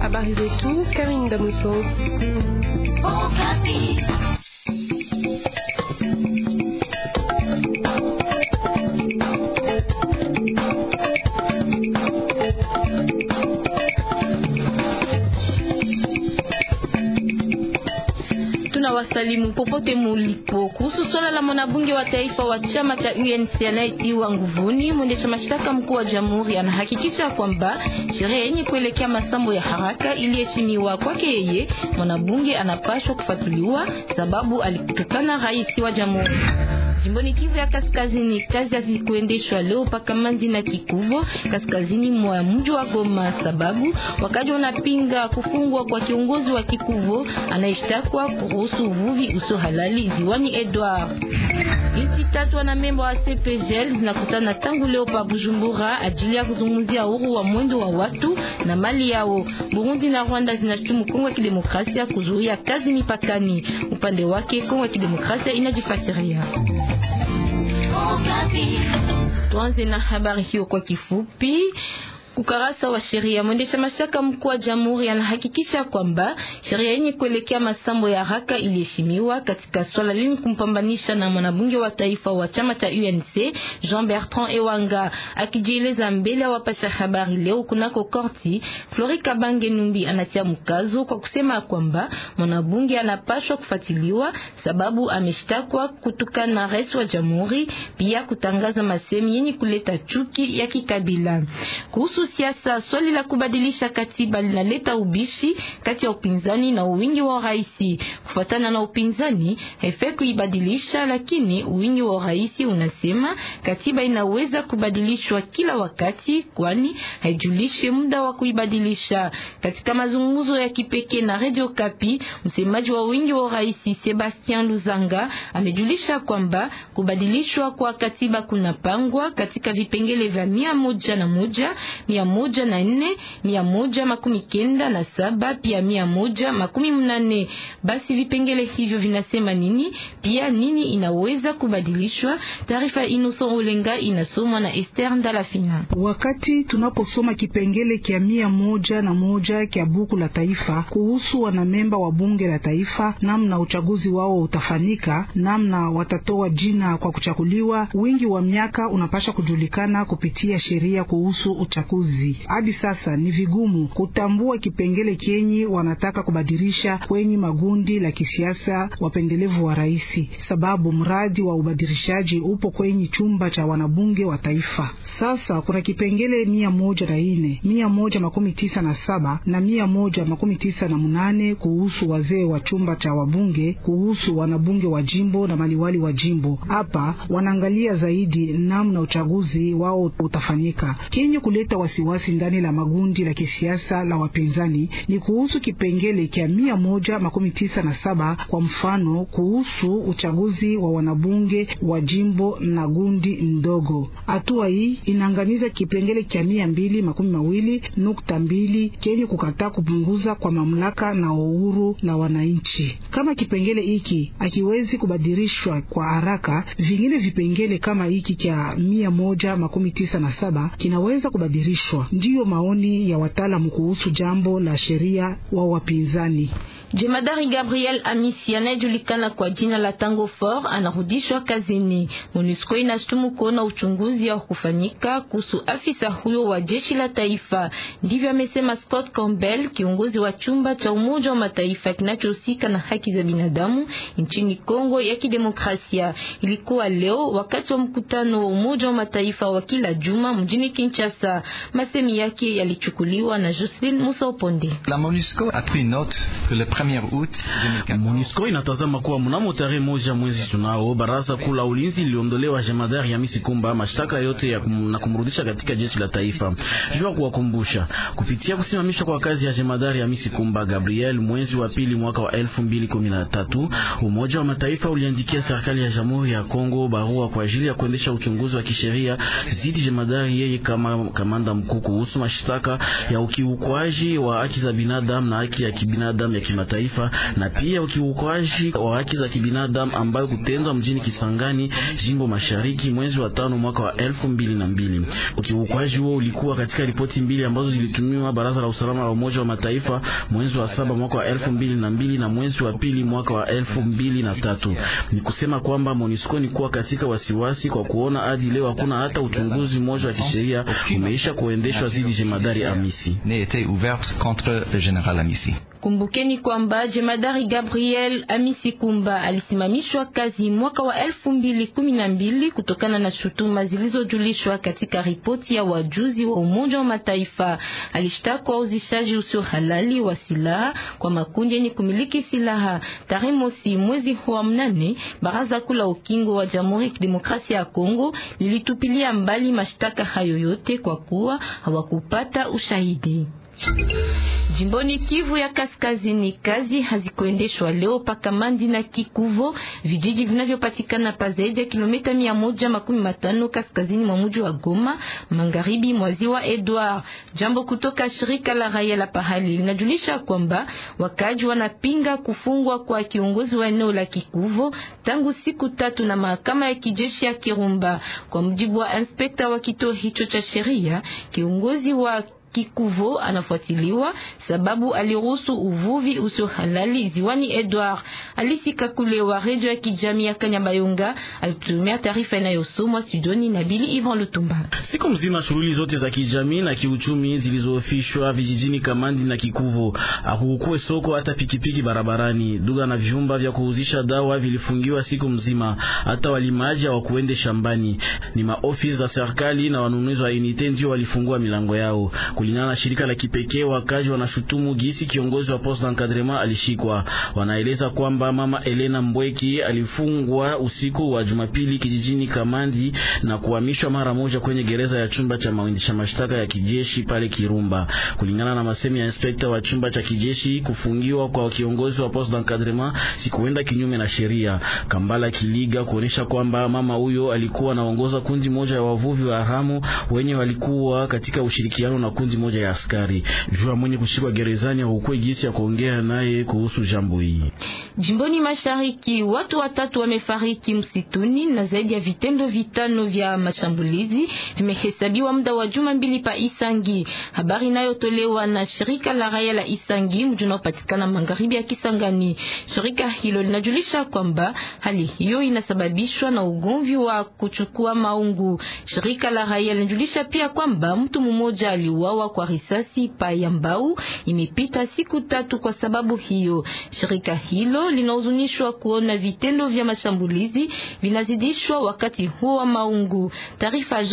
Habari zetu Karin Damuso. na wasalimu popote mulipo. Kuhusu swala la mwanabunge wa taifa wa chama cha UNC anayetiwa nguvuni, mwendesha mashtaka mkuu wa jamhuri anahakikisha kwamba sheria yenye kuelekea masambo ya haraka iliheshimiwa. Kwake yeye, mwanabunge anapashwa kufuatiliwa sababu alikutukana rais wa jamhuri. Jimboni Kivu ya Kaskazini, kazi hazikuendeshwa leo paka Manzi na Kikubo, kaskazini mwa mji wa Goma, sababu wakaji wanapinga kufungwa kwa kiongozi wa Kikubo anayeshtakwa kuhusu uvuvi usio halali ziwani Edward. Nchi tatu na memba wa CPGL zinakutana tangu leo pa Bujumbura ajili ya kuzungumzia uhuru wa mwendo wa watu na mali yao. Burundi na Rwanda zinashutumu Kongo ya Kidemokrasia kuzuia kazi mipakani. Upande wake Kongo ya Kidemokrasia inajifasiria Tuanze na habari hiyo kwa kifupi ukarasa wa sheria. Mwendesha mashtaka mkuu wa jamhuri anahakikisha kwamba sheria yenye kuelekea masambo ya haraka iliheshimiwa katika swala lenye kumpambanisha na mwanabunge wa taifa wa chama cha UNC Jean Bertrand Ewanga. Akijieleza mbele ya wapasha habari leo kunako korti, Florika Bange Numbi anatia mkazo kwa kusema kwamba mwanabunge anapaswa kufatiliwa sababu ameshtakwa kutokana na rais wa jamhuri, pia kutangaza masemi yenye kuleta chuki ya kikabila kuhusu kuhusu siasa, swali la kubadilisha katiba linaleta ubishi kati ya upinzani na uwingi wa rais. Kufuatana na upinzani, haife kuibadilisha, lakini uwingi wa rais unasema katiba inaweza kubadilishwa kila wakati, kwani haijulishi muda wa kuibadilisha. Katika mazungumzo ya kipekee na Radio Kapi, msemaji wa uwingi wa rais Sebastian Luzanga amejulisha kwamba kubadilishwa kwa katiba kunapangwa katika vipengele vya mia moja na moja mia moja na nne mia moja makumi kenda na saba pia mia moja makumi mnane. Basi vipengele hivyo vinasema nini, pia nini inaweza kubadilishwa? Taarifa Innocent Olenga inasomwa na Esther Ndalafina. Wakati tunaposoma kipengele kya mia moja na moja kya buku la taifa kuhusu wanamemba wa bunge la taifa, namna uchaguzi wao utafanika, namna watatoa jina kwa kuchaguliwa, wingi wa miaka unapasha kujulikana kupitia sheria kuhusu uchaguzi uchaguzi. Hadi sasa ni vigumu kutambua kipengele chenye wanataka kubadilisha kwenye magundi la kisiasa wapendelevu wa rais, sababu mradi wa ubadilishaji upo kwenye chumba cha wanabunge wa taifa. Sasa kuna kipengele mia moja na ine, mia moja makumi tisa na saba na mia moja makumi tisa na munane kuhusu wazee wa chumba cha wabunge, kuhusu wanabunge wa jimbo na maliwali wa jimbo. Hapa wanaangalia zaidi namna uchaguzi wao utafanyika kenye kuleta wasi wasiwasi ndani la magundi la kisiasa la wapinzani ni kuhusu kipengele cha mia moja makumi tisa na saba kwa mfano kuhusu uchaguzi wa wanabunge wa jimbo na gundi ndogo. Hatua hii inaangamiza kipengele cha mia mbili makumi mawili nukta mbili kenye kukataa kupunguza kwa mamlaka na uhuru la wananchi. Kama kipengele hiki akiwezi kubadilishwa kwa haraka, vingine vipengele kama hiki cha mia moja makumi tisa na saba kinaweza kubadilishwa kuepushwa. Ndiyo maoni ya wataalamu kuhusu jambo la sheria wa wapinzani. Jemadari Gabriel Amisi anayejulikana kwa jina la Tango Fort anarudishwa kazini. MONUSCO inashtumu kuona uchunguzi wa kufanyika kuhusu afisa huyo wa jeshi la taifa. Ndivyo amesema Scott Campbell, kiongozi wa chumba cha Umoja wa Mataifa kinachohusika na haki za binadamu nchini Kongo ya Kidemokrasia. Ilikuwa leo wakati wa mkutano wa Umoja wa Mataifa wa kila juma mjini Kinshasa. Masemi yake yalichukuliwa na Justin Musopondi. La MONUSCO a pris note que le 1er août 2014. MONUSCO inatazama kuwa mnamo tarehe moja mwezi tunao baraza kula ulinzi iliondolewa jemadari ya misikumba mashtaka yote ya kum, na kumrudisha katika jeshi la taifa. Jua kuwakumbusha kupitia kusimamishwa kwa kazi ya jemadari ya misikumba Gabriel mwezi wa pili mwaka wa 2013, Umoja wa Mataifa uliandikia serikali ya Jamhuri ya Kongo barua kwa ajili ya kuendesha uchunguzi wa kisheria zidi jemadari yeye kama kamanda mkuu kuhusu mashtaka ya ukiukwaji wa haki za binadamu na haki ya kibinadamu ya kimataifa na pia ukiukwaji wa haki za kibinadamu ambayo kutendwa mjini Kisangani, jimbo mashariki, mwezi wa tano mwaka wa elfu mbili na mbili. Ukiukwaji huo ulikuwa katika ripoti mbili ambazo zilitumiwa baraza la usalama la Umoja wa Mataifa mwezi wa saba mwaka wa elfu mbili na mbili na mwezi wa pili mwaka wa elfu mbili na tatu. Ni kusema kwamba MONUSCO ni kuwa katika wasiwasi kwa kuona hadi leo hakuna hata uchunguzi mmoja wa kisheria umeisha n'ait été ouverte contre le général Amissi. Kumbukeni kwamba jemadari Gabriel amisi kumba alisimamishwa kazi mwaka wa elfu mbili kumi na mbili kutokana na shutuma zilizojulishwa katika ripoti ya wajuzi wa Umoja wa Mataifa. Alishtakwa uzishaji usio halali wa silaha kwa makundi yenye kumiliki silaha. Tarehe mosi mwezi wa mnane, baraza kuu la ukingo wa Jamhuri ya Kidemokrasia ya Kongo lilitupilia mbali mashtaka hayo yote kwa kuwa hawakupata ushahidi. Jimboni Kivu ya Kaskazini, kazi hazikuendeshwa leo paka Mandi na Kikuvo, vijiji vinavyopatikana pa zaidi ya kilomita mia moja makumi matano kaskazini mwa mji wa Goma, magharibi mwa ziwa Edward. Jambo kutoka shirika la raia la pahali linajulisha kwamba wakaji wanapinga kufungwa kwa kiongozi wa eneo la Kikuvo tangu siku tatu na mahakama ya kijeshi ya Kirumba. Kwa mjibu wa inspekta wa kituo hicho cha sheria, kiongozi wa Kikuvo anafuatiliwa sababu aliruhusu uvuvi usio halali ziwani. Edward alisika kule wa Redio ya kijamii ya Kanyabayonga alitumia taarifa inayosomwa studioni na Bili Ivan Lutumba. Siku mzima shughuli zote za kijamii na kiuchumi zilizoofishwa vijijini Kamandi na Kikuvo, hakukuwe soko hata pikipiki barabarani. duga na vyumba vya kuuzisha dawa vilifungiwa siku mzima, hata walimaji hawakuende shambani. Ni maofisi za serikali na wanunuzi wa unite ndio walifungua milango yao. Kulingana na shirika la kipekee, wakazi wanashutumu gisi kiongozi wa posta encadrement alishikwa. Wanaeleza kwamba mama Elena Mbweki alifungwa usiku wa Jumapili kijijini Kamandi na kuhamishwa mara moja kwenye gereza ya chumba cha mawindisha mashtaka ya kijeshi pale Kirumba. Kulingana na masemi ya inspekta wa chumba cha kijeshi, kufungiwa kwa kiongozi wa posta d'encadrement sikuenda kinyume na sheria. Kambala Kiliga kuonesha kwamba mama huyo alikuwa anaongoza kundi moja ya wavuvi wa haramu wenye walikuwa katika ushirikiano na kundi mauaji moja ya askari jua mwenye kushikwa gerezani hakukuwa gisi ya kuongea naye kuhusu jambo hili. Jimboni mashariki watu watatu wamefariki msituni na zaidi ya vitendo vitano vya mashambulizi vimehesabiwa muda wa juma mbili pa Isangi. Habari inayotolewa na shirika la raia la Isangi mji unaopatikana magharibi ya Kisangani. Shirika hilo linajulisha kwamba hali hiyo inasababishwa na ugomvi wa kuchukua maungu. Shirika la raia linajulisha pia kwamba mtu mmoja aliuawa kuuawa kwa risasi pa Yambau imepita siku tatu. Kwa sababu hiyo, shirika hilo linahuzunishwa kuona vitendo vya mashambulizi vinazidishwa wakati huo wa maungu. Taarifa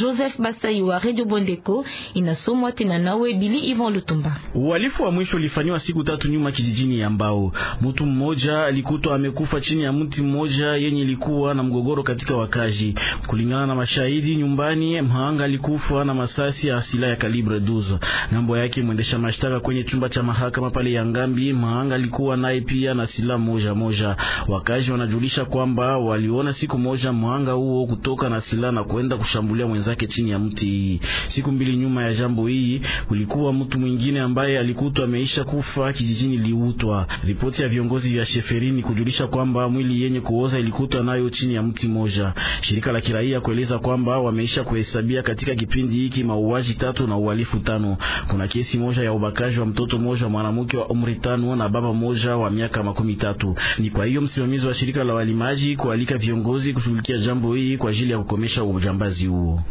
Joseph Basai wa Radio Bondeko inasomwa tena nawe Bili Ivan Lutumba. Uhalifu wa mwisho ulifanywa siku tatu nyuma kijijini Yambau. Mtu mmoja alikutwa amekufa chini ya mti mmoja yenye ilikuwa na mgogoro katika wakazi. Kulingana na mashahidi nyumbani, mhanga alikufa na masasi ya silaha ya kalibu Breduza. Ngambo yake mwendesha mashtaka kwenye chumba cha mahakama pale ya Ngambi Mahanga alikuwa naye pia na silaha moja moja. Wakazi wanajulisha kwamba waliona siku moja Mahanga huo kutoka na silaha na kwenda kushambulia mwenzake chini ya mti. Siku mbili nyuma ya jambo hii kulikuwa mtu mwingine ambaye alikutwa ameisha kufa kijijini Liutwa. Ripoti ya viongozi vya sheferini kujulisha kwamba mwili yenye kuoza ilikutwa nayo chini ya mti moja. Shirika la kiraia kueleza kwamba wameisha kuhesabia katika kipindi hiki mauaji tatu na uhalifu tano. Kuna kesi moja ya ubakaji wa mtoto moja mwanamke wa umri tano na baba moja wa miaka makumi tatu. Ni kwa hiyo msimamizi wa shirika la walimaji kualika viongozi kushughulikia jambo hili kwa ajili ya kukomesha ujambazi huo.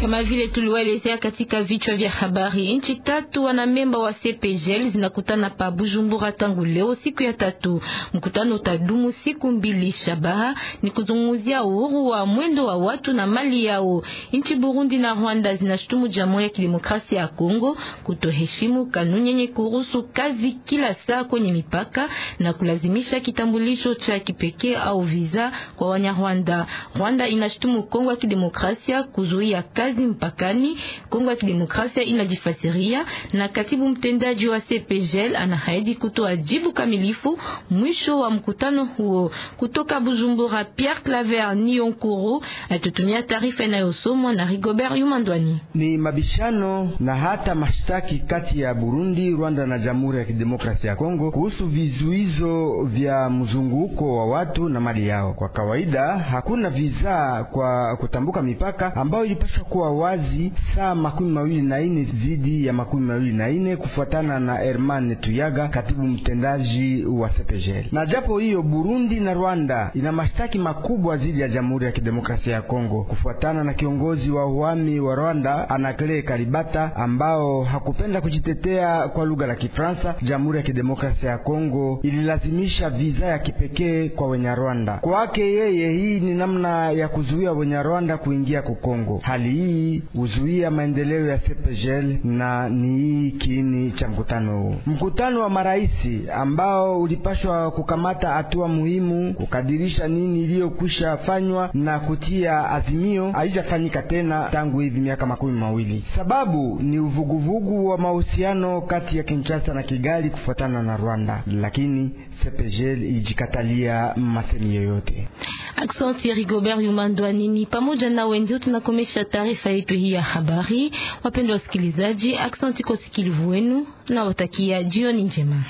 Kama vile tuliwaelezea katika vichwa vya habari, nchi tatu wana memba wa CPGL zinakutana pa Bujumbura tangu leo siku ya tatu. Mkutano utadumu siku mbili. Shabaha ni kuzungumzia uhuru wa mwendo wa watu na mali yao. Nchi Burundi na Rwanda zinashutumu Jamhuri ya Kidemokrasia ya Kongo kutoheshimu kanuni yenye kuruhusu kazi kila saa kwenye mipaka na kulazimisha kitambulisho cha kipekee au visa kwa Wanyarwanda. Rwanda inashutumu Kongo ya Kidemokrasia kuzuia kazi kazi mpakani Kongo ya Kidemokrasia inajifasiria, na katibu mtendaji wa CPGL anahaidi kutoa jibu kamilifu mwisho wa mkutano huo. Kutoka Bujumbura, Pierre Claver Nionkuru atutumia taarifa inayosomwa na Rigobert Yumandwani. Ni mabishano na hata mashtaki kati ya Burundi, Rwanda na Jamhuri ya Kidemokrasia ya Kongo kuhusu vizuizo vya mzunguko wa watu na mali yao. Kwa kawaida hakuna visa kwa kutambuka mipaka ambayo ilipaswa kuwa wazi saa makumi mawili na ine zidi ya makumi mawili na ine kufuatana na Herman Tuyaga, katibu mtendaji wa CPGL. Na japo hiyo Burundi na Rwanda ina mashtaki makubwa zidi ya Jamhuri ya Kidemokrasia ya Kongo kufuatana na kiongozi wa uhami wa Rwanda Anakle Kalibata ambao hakupenda kujitetea kwa lugha la Kifransa. Jamhuri ya Kidemokrasia ya Kongo ililazimisha viza ya kipekee kwa Wenyarwanda. Kwake yeye, hii ni namna ya kuzuia Wenyarwanda kuingia ku Kongo. Hali hii huzuia maendeleo ya FEPGL na ni kiini cha mkutano huu. Mkutano wa maraisi ambao ulipashwa kukamata hatua muhimu kukadirisha nini iliyokwisha fanywa na kutia azimio haijafanyika tena tangu hivi miaka makumi mawili. Sababu ni uvuguvugu wa mahusiano kati ya Kinshasa na Kigali kufuatana na Rwanda, lakini FEPGL ijikatalia masemi yoyote. Aksanti Rigobert Yumandwanini pamoja na wenzio, tunakomesha taarifa yetu hii ya habari. Wapendwa wasikilizaji, aksanti kwa usikilivu wenu na watakia jioni njema.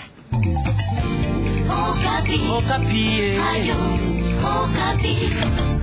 Okapi. Okapi. Okapi.